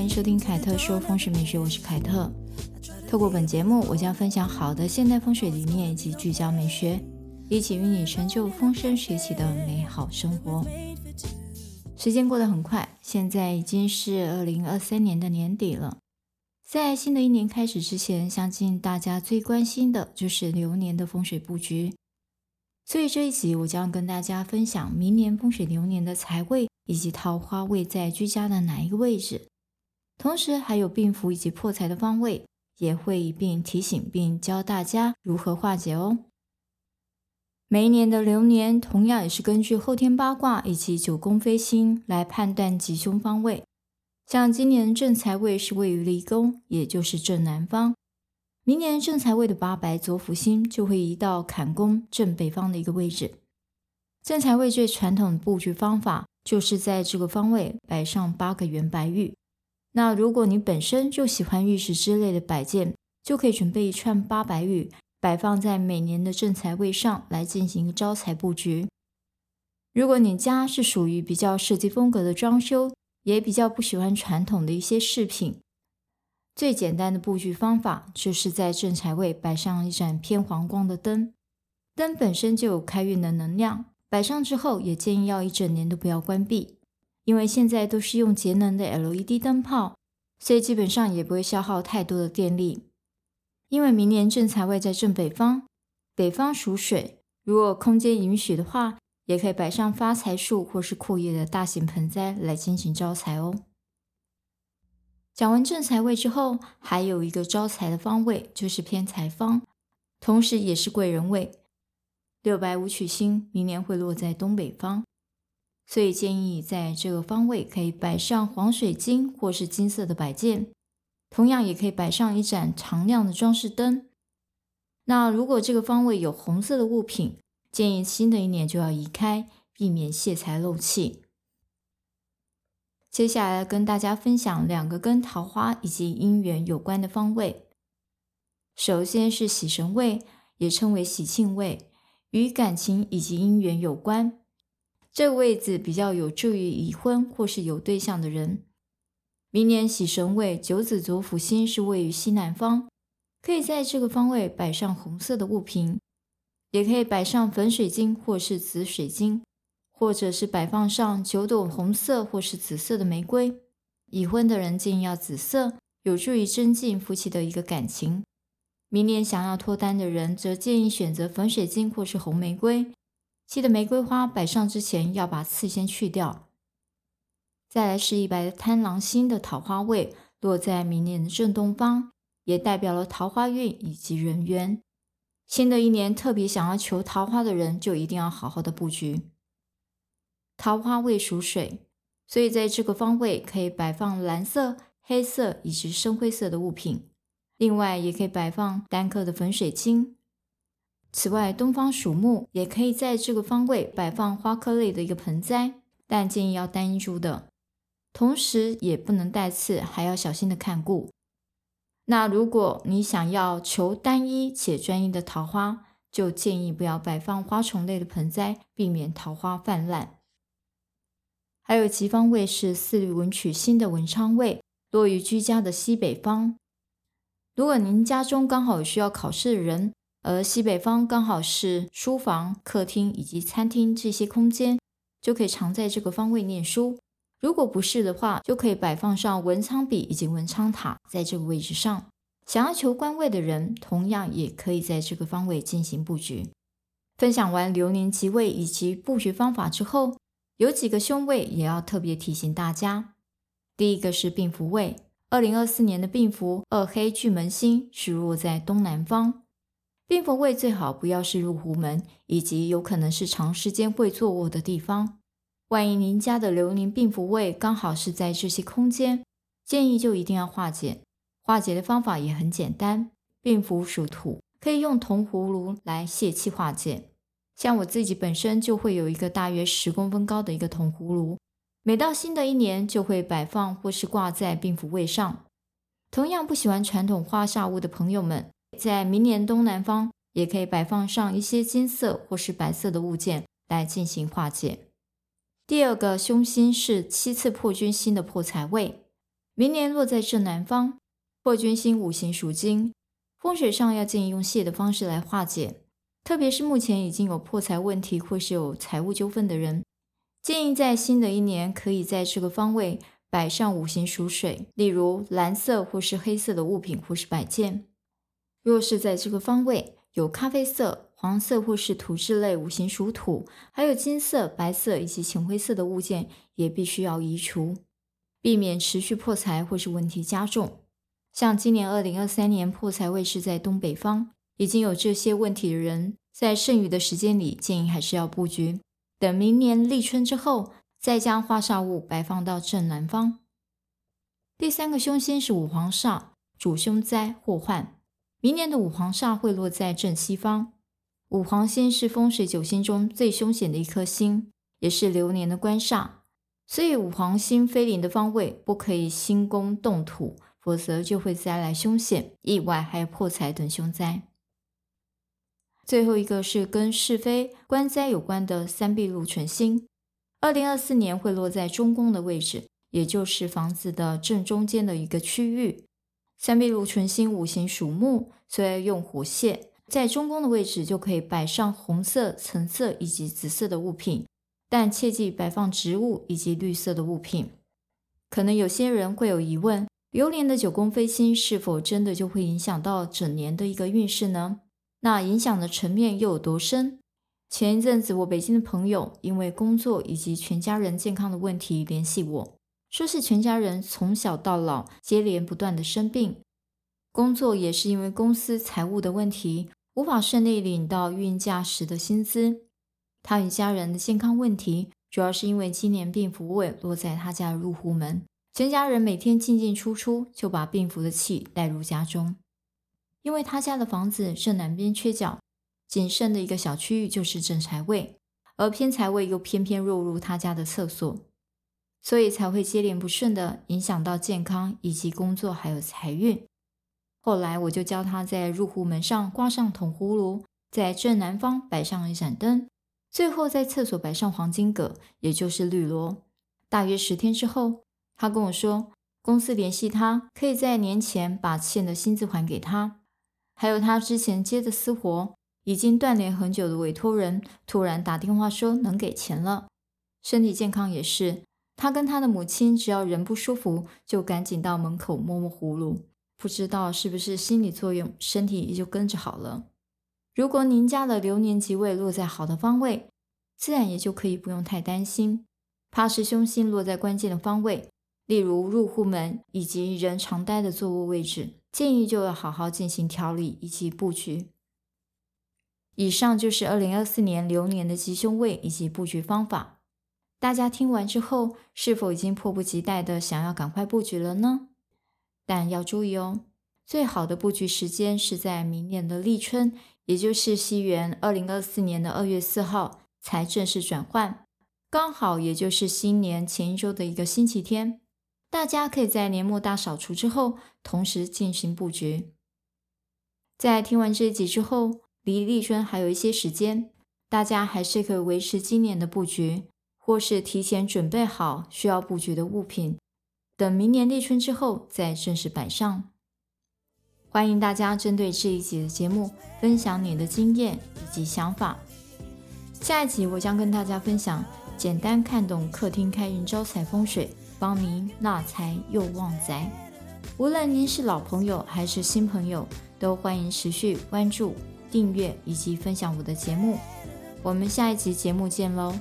歡迎收聽凱特說風水美學，我是凱特。透過本節目，我將分享好的現代風水理念以及居家美學，一起與你成就風生水起的美好生活。時間過得很快，現在已經是二零二三年的年底了。在新的一年開始之前，相信大家最關心的就是流年的風水佈局。所以這一集我將跟大家分享明年風水流年的財位以及桃花位在居家的哪一個位置。同時還有病符以及破財的方位，也會一併提醒並教大家如何化解哦。每一年的流年同樣也是根據後天八卦以及九宮飛星來判斷吉凶方位。像今年正財位是位於離宮，也就是正南方。明年正財位的八白左輔星就會移到坎宮正北方的一個位置。正財位最傳統的布局方法就是在這個方位擺上八個圓白玉。那如果你本身就喜歡玉石之類的擺件，就可以準備一串八白玉，擺放在每年的正財位上來進行一個招財佈局。如果你家是屬於比較設計風格的裝修，也比較不喜歡傳統的一些飾品，最簡單的布局方法就是在正財位擺上一盞偏黃光的燈，燈本身就有開運的能量，擺上之後也建議要一整年都不要關閉。因為現在都是用節能的 LED 燈泡，所以基本上也不會消耗太多的電力。因為明年正財位在正北方，北方屬水，如果空間允許的話，也可以擺上發財樹或是闊葉的大型盆栽來進行招財哦。講完正財位之後，還有一個招財的方位，就是偏財方，同時也是貴人位。六白武曲星明年會落在東北方。所以建議在這個方位可以擺上黃水晶或是金色的擺件，同樣也可以擺上一盞常亮的裝飾燈。那如果這個方位有紅色的物品，建議新的一年就要移開，避免洩財漏氣。接下來，來跟大家分享兩個跟桃花以及姻緣有關的方位，首先是喜神位，也稱為喜慶位，與感情以及姻緣有關。這個位置比較有助於已婚或是有對象的人。明年喜神位，九紫右弼星是位於西南方，可以在這個方位擺上紅色的物品，也可以擺上粉水晶或是紫水晶，或者是擺放上九朵紅色或是紫色的玫瑰。已婚的人建議要紫色，有助於增進夫妻的一個感情。明年想要脫單的人則建議選擇粉水晶或是紅玫瑰。記得玫瑰花擺上之前要把刺先去掉。再來是一白貪狼星的桃花位落在明年的正東方，也代表了桃花運以及人緣。新的一年特別想要求桃花的人，就一定要好好的布局。桃花位屬水，所以在這個方位可以擺放藍色、黑色以及深灰色的物品，另外也可以擺放單顆的粉水晶。此外，東方屬木，也可以在這個方位擺放花科類的一個盆栽，但建議要單一株的，同時也不能帶刺，還要小心的看顧。那如果你想要求單一且專一的桃花，就建議不要擺放花叢類的盆栽，避免桃花泛濫。還有吉方位是四綠文曲星的文昌位，落於居家的西北方。如果您家中剛好有需要考試的人，而西北方剛好是書房、客廳以及餐廳這些空間，就可以常在這個方位念書。如果不是的話，就可以擺放上文昌筆以及文昌塔在這個位置上。想要求官位的人，同樣也可以在這個方位進行布局。分享完流年吉位以及布局方法之後，有幾個兇位也要特別提醒大家。第一個是病符位，二零二四年的病符二黑巨門星植入在東南方。病符位最好不要是入戶門，以及有可能是長時間會坐臥的地方。萬一您家的流年病符位剛好是在這些空間，建議就一定要化解。化解的方法也很簡單，病符屬土，可以用銅葫蘆來洩氣化解。像我自己本身就會有一個大約十公分高的一個銅葫蘆，每到新的一年就會擺放或是掛在病符位上。同樣不喜歡傳統化煞物的朋友們，在明年東南方也可以擺放上一些金色或是白色的物件來進行化解。第二個凶星是七赤破軍星的破財位，明年落在正南方。破軍星五行屬金，風水上要建議用洩的方式來化解。特別是目前已經有破財問題或是有財務糾紛的人，建議在新的一年可以在這個方位擺上五行屬水，例如藍色或是黑色的物品或是擺件。若是在這個方位有咖啡色、黃色或是土質類五行屬土，還有金色、白色以及淺灰色的物件，也必須要移除，避免持續破財或是問題加重。像今年二零二三年破財位置在東北方，已經有這些問題的人，在剩餘的時間裡建議還是要佈局，等明年立春之後再將化煞物擺放到正南方。第三個凶星是五黃煞，主凶災禍患。明年的五黃煞會落在正西方。五黃星是風水九星中最凶險的一顆星，也是流年的官煞。所以五黃星飛臨的方位不可以興工動土，否則就會帶來凶險、意外，還有破財等凶災。最後一個是跟是非官災有關的三碧祿存星，二零二四年會落在中宮的位置，也就是房子的正中間的一個區域。再比如，三碧祿存星五行屬木，最愛用火泄，在中宮的位置就可以擺上紅色、橙色以及紫色的物品，但切忌擺放植物以及綠色的物品。可能有些人會有疑問：流年的九宮飛星是否真的就會影響到整年的一個運勢呢？那影響的層面又有多深？前一陣子，我北京的朋友因為工作以及全家人健康的問題聯繫我。說是全家人從小到老接連不斷的生病，工作也是因為公司財務的問題，無法順利領到運價時的薪資。他與家人的健康問題主要是因為今年病符位落在他家入戶門，全家人每天進進出出就把病符的氣帶入家中。因為他家的房子正南邊缺角，僅剩的一個小區域就是正財位，而偏財位又偏偏落入他家的廁所。所以才會接連不順的影響到健康以及工作還有財運。後來我就教他在入戶門上掛上銅葫蘆，在正南方擺上一盞燈，最後在廁所擺上黃金葛，也就是綠蘿。大約十天之後，他跟我說，公司聯繫他，可以在年前把欠的薪資還給他，還有他之前接的私活已經斷聯很久的委託人突然打電話說能給錢了，身體健康也是。他跟他的母親，只要人不舒服，就趕緊到門口摸摸葫蘆。不知道是不是心理作用，身體也就跟着好了。如果您家的流年吉位落在好的方位，自然也就可以不用太擔心。怕是凶星落在關鍵的方位，例如入戶門以及人常待的坐臥位置，建議就要好好進行調理以及布局。以上就是二零二四年流年的吉凶位以及布局方法。大家聽完之後，是否已經迫不及待的想要趕快佈局了呢？但要注意哦，最好的佈局時間是在明年的立春，也就是西元二零二四年的二月四號才正式轉換，剛好也就是新年前一週的一個星期天。大家可以在年末大掃除之後，同時進行佈局。在聽完這一集之後，離立春還有一些時間，大家還是可以維持今年的佈局。或是提前準備好需要布局的物品，等明年立春之後再正式擺上。歡迎大家針對這一集的節目分享你的經驗以及想法。下一集我將跟大家分享簡單看懂客廳開運招財風水，幫您納財又旺宅。無論您是老朋友還是新朋友，都歡迎持續關注、訂閱以及分享我的節目。我們下一集節目見嘍！